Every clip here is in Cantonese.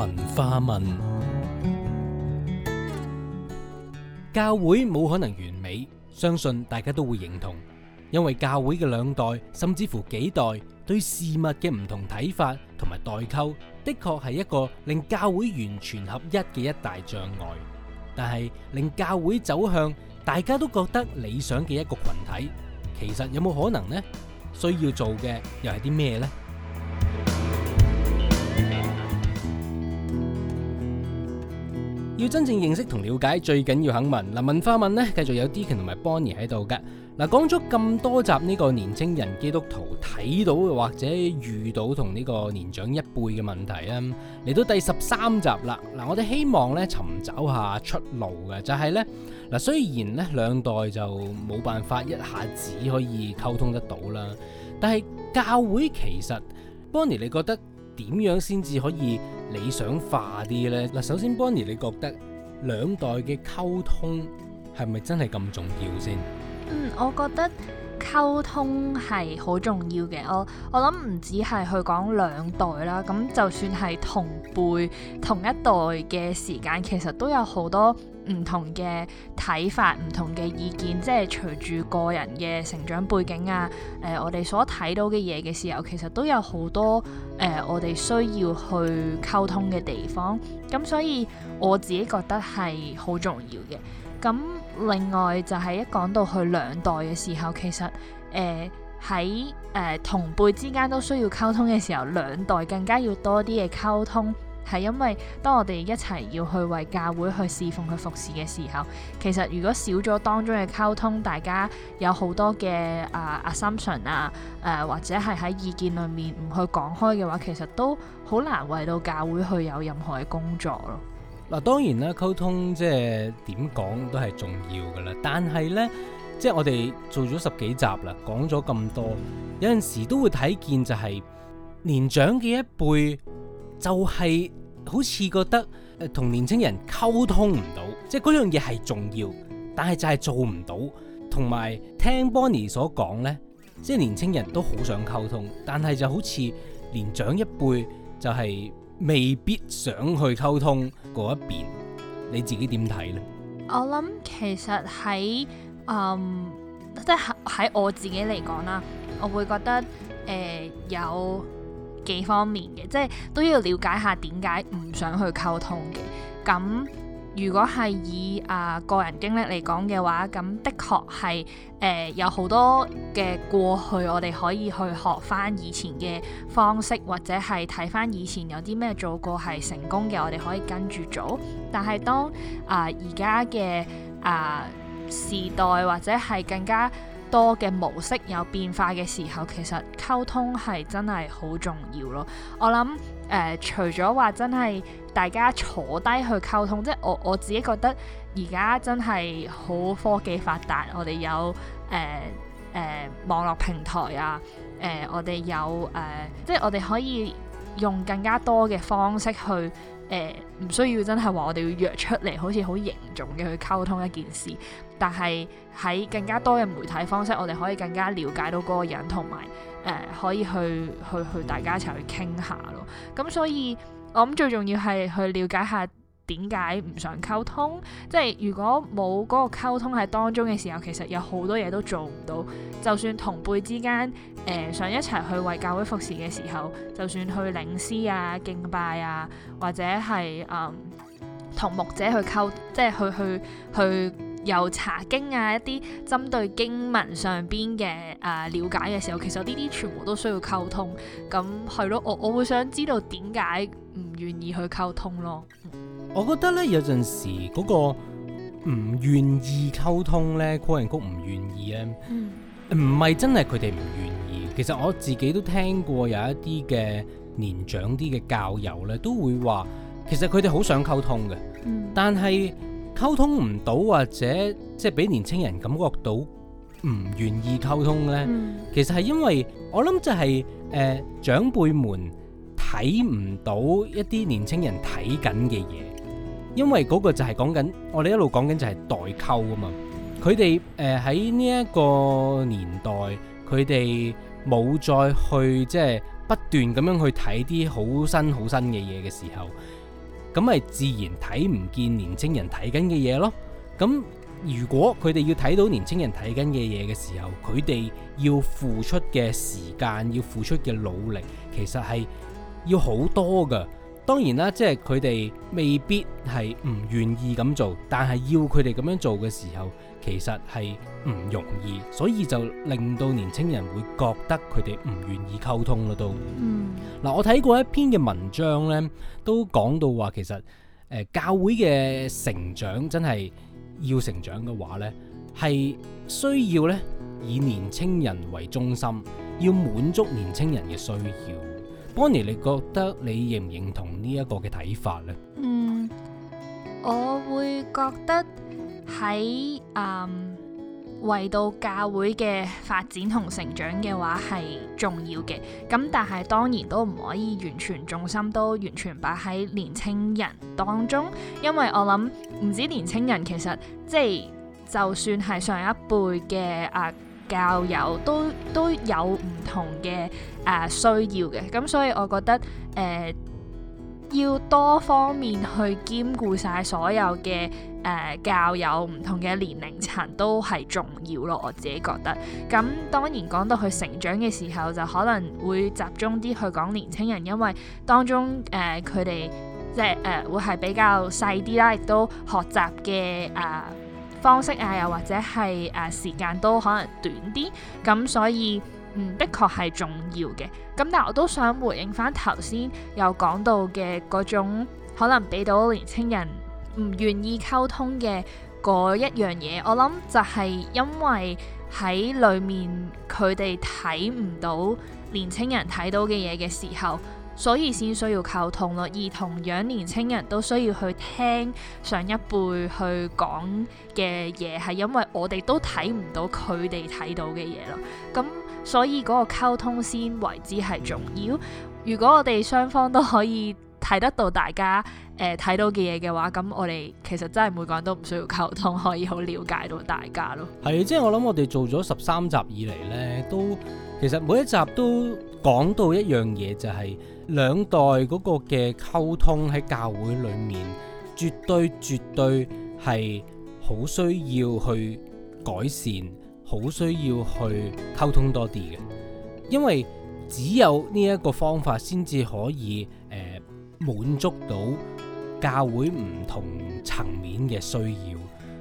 文化問：教會冇可能完美，相信大家都會認同，因為教會嘅兩代甚至乎幾代對事物嘅唔同睇法同埋代溝，的確係一個令教會完全合一嘅一大障礙。但係令教會走向大家都覺得理想嘅一個群體，其實有冇可能呢？需要做嘅又係啲咩呢？要真正認識同了解，最緊要肯問。嗱，文化問咧，繼續有 Deakin 同埋 Bonnie 喺度嘅。嗱，講咗咁多集呢個年青人基督徒睇到或者遇到同呢個年長一輩嘅問題啊，嚟到第十三集啦。嗱，我哋希望咧尋找下出路嘅，就係咧嗱，雖然咧兩代就冇辦法一下子可以溝通得到啦，但係教會其實 Bonnie，你覺得點樣先至可以？理想化啲咧，嗱，首先 Bonnie，你覺得兩代嘅溝通係咪真係咁重要先？嗯，我覺得。溝通係好重要嘅，我我諗唔止係去講兩代啦，咁就算係同輩、同一代嘅時間，其實都有好多唔同嘅睇法、唔同嘅意見，即係隨住個人嘅成長背景啊，誒、呃，我哋所睇到嘅嘢嘅時候，其實都有好多誒、呃，我哋需要去溝通嘅地方。咁所以我自己覺得係好重要嘅。咁另外就係一講到去兩代嘅時候，其實誒喺誒同輩之間都需要溝通嘅時候，兩代更加要多啲嘅溝通，係因為當我哋一齊要去為教會去侍奉去服侍嘅時候，其實如果少咗當中嘅溝通，大家有好多嘅啊、呃、assumption 啊誒、呃、或者係喺意見裏面唔去講開嘅話，其實都好難為到教會去有任何嘅工作咯。嗱當然啦，溝通即係點講都係重要噶啦。但係呢，即係我哋做咗十幾集啦，講咗咁多，有陣時都會睇見就係、是、年長嘅一輩、就是，就係好似覺得誒同、呃、年青人溝通唔到，即係嗰樣嘢係重要，但係就係做唔到。同埋聽 Bonnie 所講呢，即係年青人都好想溝通，但係就好似年長一輩就係未必想去溝通。嗰一邊你自己點睇呢？我諗其實喺嗯，即係喺我自己嚟講啦，我會覺得誒、呃、有幾方面嘅，即係都要了解下點解唔想去溝通嘅咁。如果係以，啊、呃、個人經歷嚟講嘅話，咁的確係誒、呃、有好多嘅過去，我哋可以去學返以前嘅方式，或者係睇返以前有啲咩做過係成功嘅，我哋可以跟住做。但係當啊而家嘅啊時代或者係更加多嘅模式有變化嘅時候，其實溝通係真係好重要咯。我諗。誒、呃，除咗話真係大家坐低去溝通，即係我我自己覺得而家真係好科技發達，我哋有誒誒、呃呃、網絡平台啊，誒、呃、我哋有誒、呃，即係我哋可以用更加多嘅方式去誒，唔、呃、需要真係話我哋要約出嚟，好似好凝重嘅去溝通一件事。但係喺更加多嘅媒體方式，我哋可以更加了解到嗰個人，同埋誒可以去去去大家一齊去傾下咯。咁所以我諗最重要係去了解下點解唔想溝通。即係如果冇嗰個溝通喺當中嘅時候，其實有好多嘢都做唔到。就算同輩之間誒、呃、想一齊去為教會服侍嘅時候，就算去領詩啊、敬拜啊，或者係誒同牧者去溝，即係去去去。去去去由查經啊，一啲針對經文上邊嘅誒瞭解嘅時候，其實呢啲全部都需要溝通。咁係咯，我我會想知道點解唔願意去溝通咯。我覺得咧，有陣時嗰、那個唔願意溝通咧，龜仁谷唔願意咧，唔係、嗯、真係佢哋唔願意。其實我自己都聽過有一啲嘅年長啲嘅教友咧，都會話其實佢哋好想溝通嘅，嗯、但係。溝通唔到或者即係俾年輕人感覺到唔願意溝通呢？嗯、其實係因為我諗就係、是、誒、呃、長輩們睇唔到一啲年輕人睇緊嘅嘢，因為嗰個就係講緊我哋一路講緊就係代溝啊嘛。佢哋誒喺呢一個年代，佢哋冇再去即係、就是、不斷咁樣去睇啲好新好新嘅嘢嘅時候。咁咪自然睇唔見年青人睇緊嘅嘢咯。咁如果佢哋要睇到年青人睇緊嘅嘢嘅時候，佢哋要付出嘅時間，要付出嘅努力，其實係要好多㗎。當然啦，即係佢哋未必係唔願意咁做，但係要佢哋咁樣做嘅時候，其實係唔容易，所以就令到年青人會覺得佢哋唔願意溝通啦。都，嗱、嗯啊，我睇過一篇嘅文章呢，都講到話，其實誒、呃、教會嘅成長真係要成長嘅話呢，係需要呢以年青人為中心，要滿足年青人嘅需要。Bonnie 你覺得你認唔認同呢一個嘅睇法呢？嗯，我會覺得喺誒、嗯、為到教會嘅發展同成長嘅話係重要嘅，咁但係當然都唔可以完全重心都完全擺喺年青人當中，因為我諗唔止年青人，其實即係、就是、就算係上一輩嘅啊。教友都都有唔同嘅、啊需要嘅，咁所以我覺得誒要多方面去兼顧晒所有嘅誒教友唔同嘅年齡層都係重要咯，我自己覺得。咁當然講到佢成長嘅時候，就可能會集中啲去講年青人，因為當中誒佢哋即係誒會係比較細啲啦，亦都學習嘅啊。方式啊，又或者係誒、呃、時間都可能短啲，咁所以嗯的確係重要嘅。咁但係我都想回應翻頭先有講到嘅嗰種可能俾到年青人唔願意溝通嘅嗰一樣嘢，我諗就係因為喺裏面佢哋睇唔到年青人睇到嘅嘢嘅時候。所以先需要溝通咯，而同樣年青人都需要去聽上一輩去講嘅嘢，係因為我哋都睇唔到佢哋睇到嘅嘢咯。咁所以嗰個溝通先為之係重要。嗯、如果我哋雙方都可以睇得到大家誒睇、呃、到嘅嘢嘅話，咁我哋其實真係每個人都唔需要溝通，可以好了解到大家咯。係，即係我諗我哋做咗十三集以嚟呢，都其實每一集都講到一樣嘢，就係、係。兩代嗰個嘅溝通喺教會裡面，絕對絕對係好需要去改善，好需要去溝通多啲嘅。因為只有呢一個方法先至可以誒滿足到教會唔同層面嘅需要。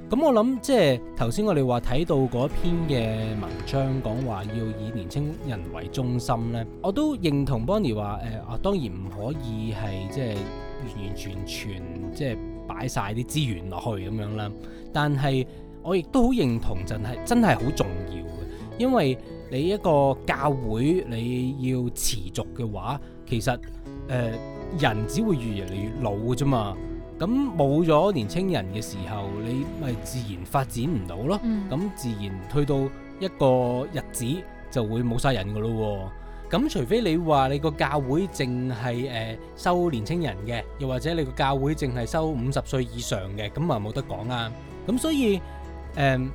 咁我諗即係頭先我哋話睇到嗰篇嘅文章，講話要以年青人為中心呢，我都認同 Bonnie 話誒、呃，當然唔可以係即係完完全全即係擺晒啲資源落去咁樣啦。但係我亦都好認同、就係，就係真係好重要嘅，因為你一個教會你要持續嘅話，其實誒、呃、人只會越嚟越老嘅啫嘛。咁冇咗年青人嘅時候，你咪自然發展唔到咯。咁、嗯、自然去到一個日子就會冇晒人噶咯。咁除非你話你個教會淨係誒收年青人嘅，又或者你個教會淨係收五十歲以上嘅，咁啊冇得講啊。咁所以誒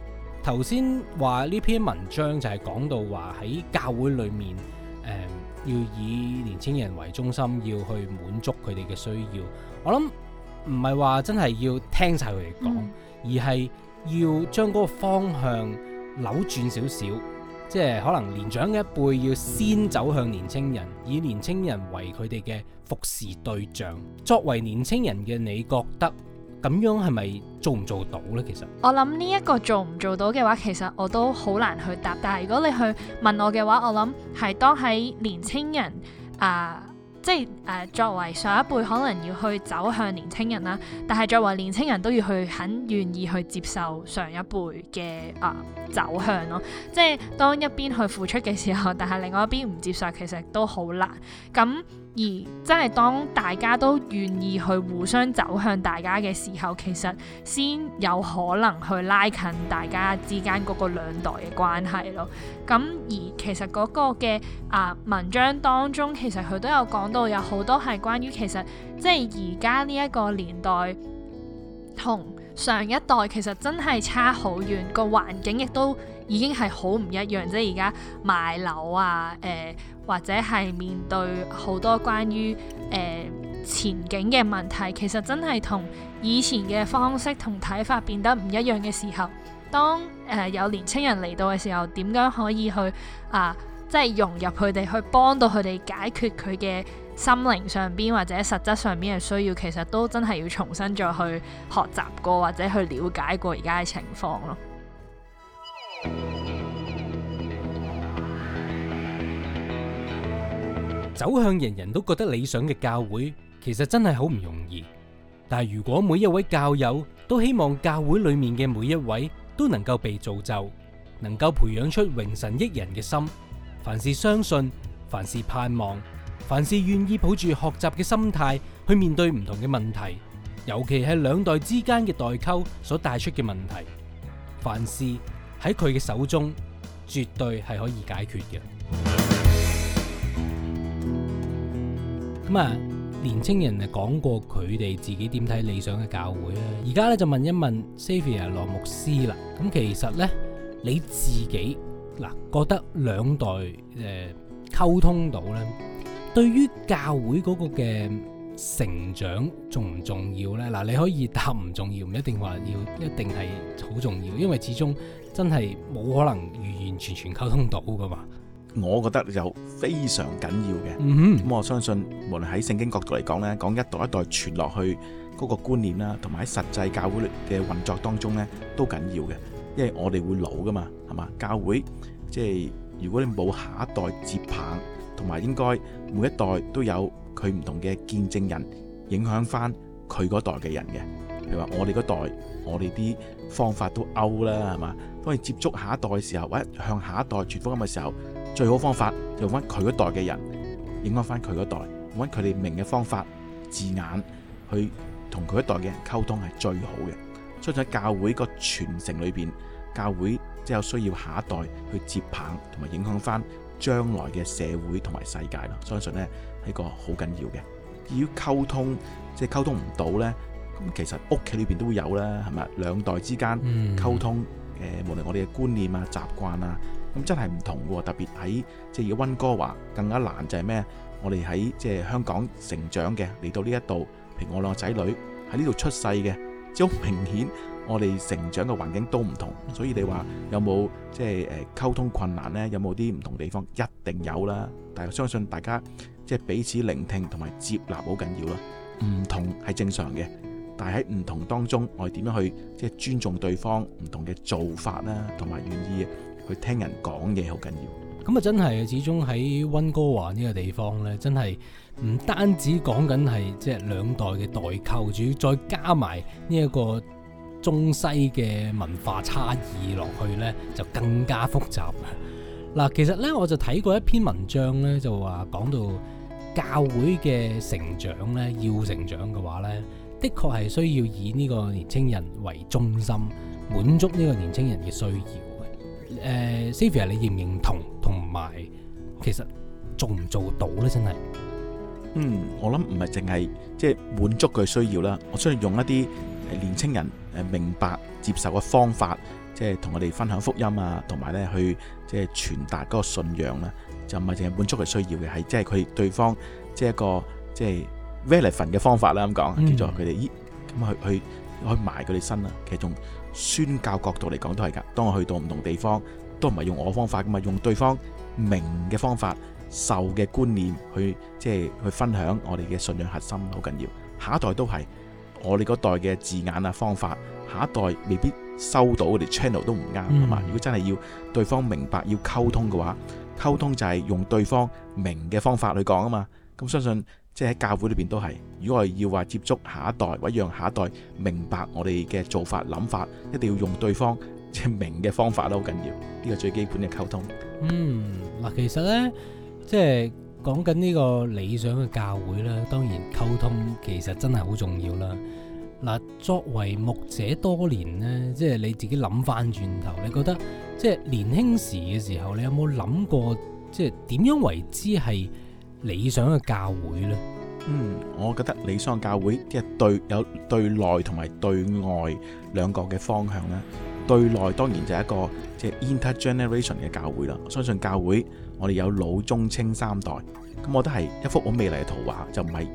頭先話呢篇文章就係講到話喺教會裏面誒、呃、要以年青人為中心，要去滿足佢哋嘅需要。我諗。唔係話真係要聽晒佢哋講，嗯、而係要將嗰個方向扭轉少少，即係可能年長嘅一輩要先走向年青人，以年青人為佢哋嘅服侍對象。作為年青人嘅，你覺得咁樣係咪做唔做到呢？其實我諗呢一個做唔做到嘅話，其實我都好難去答。但係如果你去問我嘅話，我諗係當喺年青人啊。呃即係誒、呃，作為上一輩可能要去走向年青人啦，但係作為年青人都要去很願意去接受上一輩嘅啊、呃、走向咯。即係當一邊去付出嘅時候，但係另外一邊唔接受，其實都好難咁。而真係當大家都願意去互相走向大家嘅時候，其實先有可能去拉近大家之間嗰個兩代嘅關係咯。咁而其實嗰個嘅啊、呃、文章當中，其實佢都有講到有好多係關於其實即係而家呢一個年代同上一代其實真係差好遠，個環境亦都，已經係好唔一樣，即係而家買樓啊，誒、呃、或者係面對好多關於誒、呃、前景嘅問題，其實真係同以前嘅方式同睇法變得唔一樣嘅時候，當誒、呃、有年輕人嚟到嘅時候，點樣可以去啊、呃，即係融入佢哋，去幫到佢哋解決佢嘅心靈上面或者實質上面嘅需要，其實都真係要重新再去學習過或者去了解過而家嘅情況咯。走向人人都覺得理想嘅教會，其實真係好唔容易。但係如果每一位教友都希望教會裏面嘅每一位都能夠被造就，能夠培養出榮神益人嘅心，凡事相信，凡事盼望，凡事願意抱住學習嘅心態去面對唔同嘅問題，尤其係兩代之間嘅代溝所帶出嘅問題，凡事。喺佢嘅手中，絕對係可以解決嘅。咁啊、嗯，年青人啊講過佢哋自己點睇理想嘅教會啊。而家咧就問一問 Xavier 羅牧師啦。咁 其實呢，你自己嗱、嗯、覺得兩代誒、嗯、溝通到呢？對於教會嗰個嘅成長重唔重要呢？嗱、嗯，你可以答唔重要，唔一定話要一定係好重要，因為始終，真係冇可能完完全全溝通到噶嘛。我覺得就非常緊要嘅。咁、嗯、哼我相信，無論喺聖經角度嚟講呢，講一代一代傳落去嗰個觀念啦，同埋喺實際教會嘅運作當中呢，都緊要嘅，因為我哋會老噶嘛，係嘛？教會即係如果你冇下一代接棒，同埋應該每一代都有佢唔同嘅見證人影響翻佢嗰代嘅人嘅。譬如話我哋嗰代，我哋啲方法都 out 啦，係嘛？當你接觸下一代嘅時候，或者向下一代傳福音嘅時候，最好方法就揾佢嗰代嘅人，影響翻佢嗰代，揾佢哋明嘅方法字眼去同佢一代嘅人溝通係最好嘅。相信喺教會個傳承裏邊，教會即係有需要下一代去接棒，同埋影響翻將來嘅社會同埋世界咯。相信呢係個好緊要嘅。至於溝通即係溝通唔到呢。咁其實屋企裏邊都會有啦，係咪？兩代之間溝通，誒、嗯呃，無論我哋嘅觀念啊、習慣啊，咁、嗯、真係唔同喎。特別喺即係温哥華更加難，就係咩？我哋喺即係香港成長嘅，嚟到呢一度，譬如我兩個仔女喺呢度出世嘅，即好明顯我哋成長嘅環境都唔同。所以你話有冇即係誒溝通困難呢？有冇啲唔同地方？一定有啦。但係我相信大家即係彼此聆聽同埋接納好緊要啦，唔同係正常嘅。但喺唔同當中，我哋點樣去即尊重對方唔同嘅做法啦，同埋願意去聽人講嘢好緊要。咁啊，真係始終喺温哥華呢個地方呢，真係唔單止講緊係即係兩代嘅代溝，仲要再加埋呢一個中西嘅文化差異落去呢，就更加複雜。嗱，其實呢，我就睇過一篇文章呢，就話講到教會嘅成長呢，要成長嘅話呢。的確係需要以呢個年青人為中心，滿足呢個年青人嘅需要嘅。誒、uh,，Xavier，你認唔認同？同埋，其實做唔做到咧？真係，嗯，我諗唔係淨係即係滿足佢需要啦。我需要用一啲年青人誒明白接受嘅方法，即係同佢哋分享福音啊，同埋咧去即係傳達嗰個信仰啦，就唔係淨係滿足佢需要嘅，係即係佢對方即係一個即係。即 relevant 嘅方法啦，咁講叫做佢哋，咦？咁去去去，去埋佢哋身啊！其實從宣教角度嚟講都係噶。當我去到唔同地方，都唔係用我方法，咁啊用對方明嘅方法、受嘅觀念去即係去分享我哋嘅信仰核心，好緊要。下一代都係我哋嗰代嘅字眼啊方法，下一代未必收到我哋 channel 都唔啱啊嘛！嗯、如果真係要對方明白要溝通嘅話，溝通就係用對方明嘅方法去講啊嘛！咁相信。即係喺教會裏邊都係，如果我要話接觸下一代，或者讓下一代明白我哋嘅做法諗法，一定要用對方即明嘅方法都好緊要。呢個最基本嘅溝通。嗯，嗱，其實呢，即係講緊呢個理想嘅教會啦。當然溝通其實真係好重要啦。嗱，作為牧者多年呢，即係你自己諗翻轉頭，你覺得即係年輕時嘅時候，你有冇諗過即係點樣為之係？理想嘅教會咧，嗯，我覺得理想嘅教會即係對有對內同埋對外兩個嘅方向咧。對內當然就係一個即係 intergeneration 嘅教會啦。我相信教會我哋有老中青三代，咁我覺得係一幅好美麗嘅圖畫，就唔係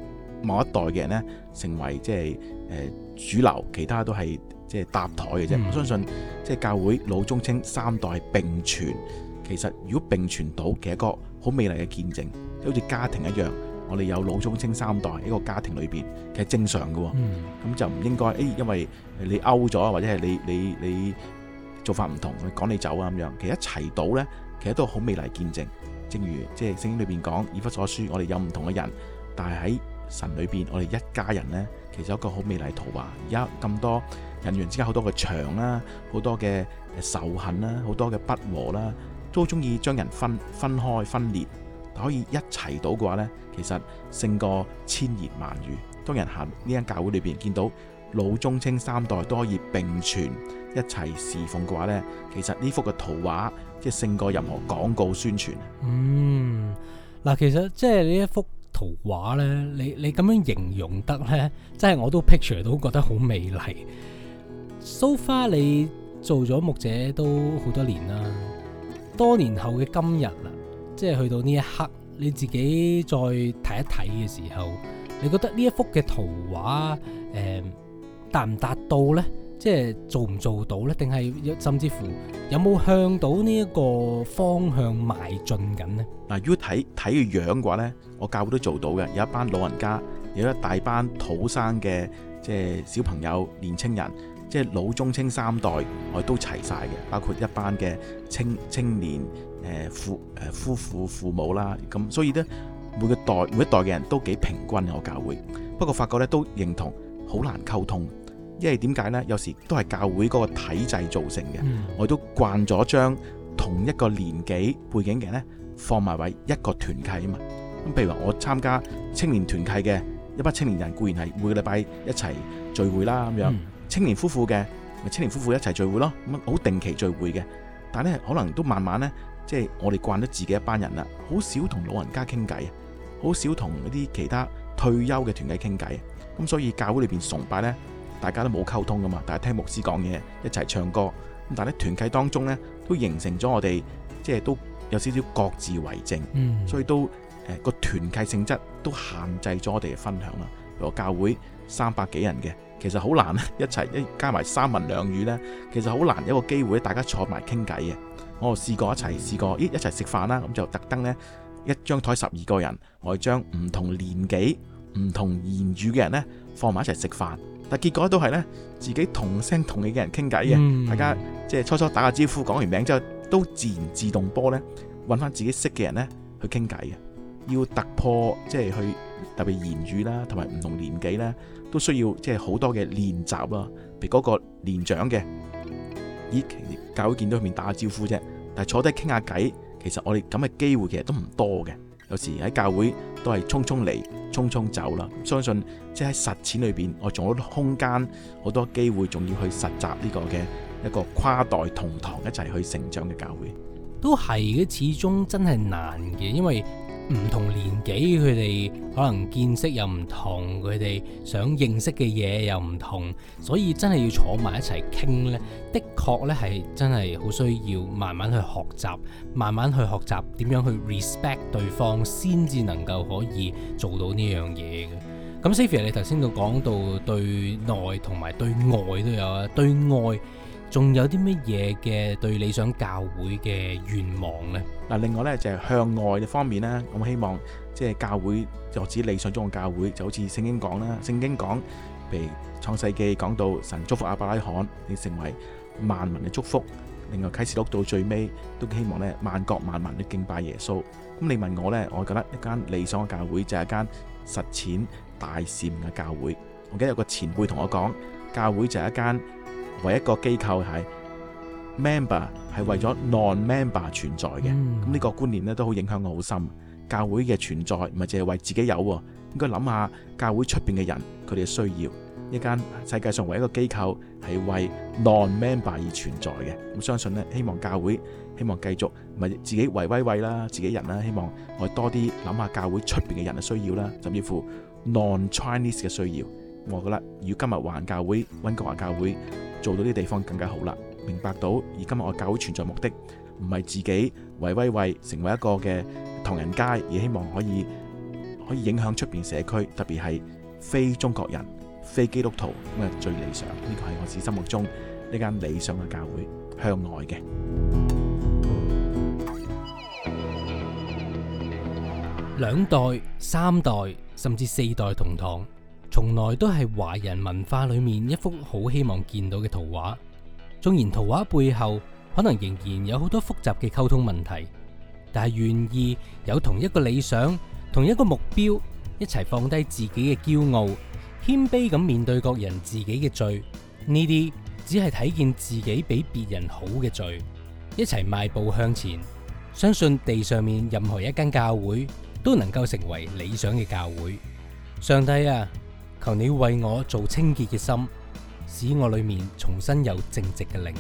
某一代嘅人咧成為即係誒主流，其他都係即係搭台嘅啫。嗯、我相信即係教會老中青三代係並存，其實如果並存到嘅一個好美麗嘅見證。好似家庭一樣，我哋有老中青三代喺個家庭裏邊，其實正常嘅咁、嗯、就唔應該誒、哎，因為你勾咗或者係你你你做法唔同，趕你走啊咁樣。其實一齊到呢，其實都好美麗見證。正如即係聖經裏邊講，以弗所書，我哋有唔同嘅人，但係喺神裏邊，我哋一家人呢，其實有一個好美麗圖畫。而家咁多人緣之間好多嘅牆啦，好多嘅仇恨啦，好多嘅不和啦，都中意將人分分開分裂。可以一齊到嘅話呢，其實勝過千言萬語。當人行呢間教會裏邊見到老中青三代都可以並存一齊侍奉嘅話呢，其實呢幅嘅圖畫即係勝過任何廣告宣傳。嗯，嗱，其實即係呢一幅圖畫呢，你你咁樣形容得呢，即係我都 picture 都覺得好美麗。So far，你做咗牧者都好多年啦，多年後嘅今日即係去到呢一刻，你自己再睇一睇嘅時候，你覺得呢一幅嘅圖畫，誒、呃、達唔達到呢？即係做唔做到呢？定係甚至乎有冇向到呢一個方向邁進緊呢？嗱，如果睇睇個樣嘅話呢，我教會都做到嘅。有一班老人家，有一大班土生嘅即係小朋友、年青人，即係老中青三代，我都齊晒嘅，包括一班嘅青青年。誒夫誒夫婦父母啦，咁所以呢，每個代每一代嘅人都幾平均我教會。不過發覺呢，都認同好難溝通，因為點解呢？有時都係教會嗰個體制造成嘅，我都慣咗將同一個年紀背景嘅人呢，放埋位一個團契啊嘛。咁譬如話我參加青年團契嘅一班青年人，固然係每個禮拜一齊聚會啦咁樣，嗯、青，青年夫婦嘅咪青年夫婦一齊聚會咯，咁好定期聚會嘅，但係可能都慢慢呢。即係我哋慣咗自己一班人啦，好少同老人家傾偈，好少同一啲其他退休嘅團契傾偈。咁所以教會裏邊崇拜呢，大家都冇溝通噶嘛，但係聽牧師講嘢，一齊唱歌。但係咧，團契當中呢，都形成咗我哋即係都有少少各自為政，嗯、所以都誒個團契性質都限制咗我哋嘅分享啦。個教會三百幾人嘅，其實好難一齊一加埋三文兩語呢，其實好難有個機會大家坐埋傾偈嘅。我試過一齊試過，咦一齊食飯啦，咁就特登呢，一張枱十二個人，我將唔同年紀、唔同言語嘅人呢，放埋一齊食飯，但結果都係呢，自己同聲同氣嘅人傾偈嘅，嗯、大家即係初初打個招呼，講完名之後都自然自動波呢，揾翻自己識嘅人呢去傾偈嘅。要突破即係去特別言語啦，同埋唔同年紀呢，都需要即係好多嘅練習啊，譬如嗰個年長嘅。咦，教會見到面打招呼啫，但係坐低傾下偈，其實我哋咁嘅機會其實都唔多嘅。有時喺教會都係匆匆嚟，匆匆走啦。相信即係喺實踐裏邊，我仲有好多空間，好多機會，仲要去實習呢個嘅一個跨代同堂一齊去成長嘅教會。都係嘅，始終真係難嘅，因為。唔同年紀，佢哋可能見識又唔同，佢哋想認識嘅嘢又唔同，所以真係要坐埋一齊傾。呢的確呢係真係好需要慢慢去學習，慢慢去學習點樣去 respect 對方，先至能夠可以做到呢樣嘢嘅。咁 Xavier，你頭先都講到對內同埋對外都有啊，對外。仲有啲乜嘢嘅對理想教會嘅願望呢？嗱，另外呢就係向外嘅方面啦。咁希望即係教會，我指理想中嘅教會就好似聖經講啦。聖經講被創世紀講到神祝福亞伯拉罕，你成為萬民嘅祝福。另外啟示錄到最尾都希望呢萬國萬民都敬拜耶穌。咁你問我呢，我覺得一間理想嘅教會就係一間實踐大善嘅教會。我記得有個前輩同我講，教會就係一間。唯一一個機構係 member 係為咗 non-member 存在嘅。咁呢、mm. 個觀念咧都好影響我好深。教會嘅存在唔係淨係為自己有喎，應該諗下教會出邊嘅人佢哋嘅需要。一間世界上唯一個機構係為 non-member 而存在嘅。咁相信咧，希望教會希望繼續唔係自己為威位啦，自己人啦。希望我多啲諗下教會出邊嘅人嘅需要啦，甚至乎 non-Chinese 嘅需要。我覺得如果今日還教會，温哥華教會。做到啲地方更加好啦，明白到而今日我教會存在目的唔係自己為威為成為一個嘅唐人街，而希望可以可以影響出邊社區，特別係非中國人、非基督徒咁。啊最理想呢個係我哋心目中呢間理想嘅教會，向外嘅兩代、三代甚至四代同堂。從來都係華人文化裏面一幅好希望見到嘅圖畫。縱然圖畫背後可能仍然有好多複雜嘅溝通問題，但係願意有同一個理想、同一個目標，一齊放低自己嘅驕傲，謙卑咁面對各人自己嘅罪，呢啲只係睇見自己比別人好嘅罪，一齊邁步向前，相信地上面任何一間教會都能夠成為理想嘅教會。上帝啊！求你為我做清潔嘅心，使我裏面重新有正直嘅靈。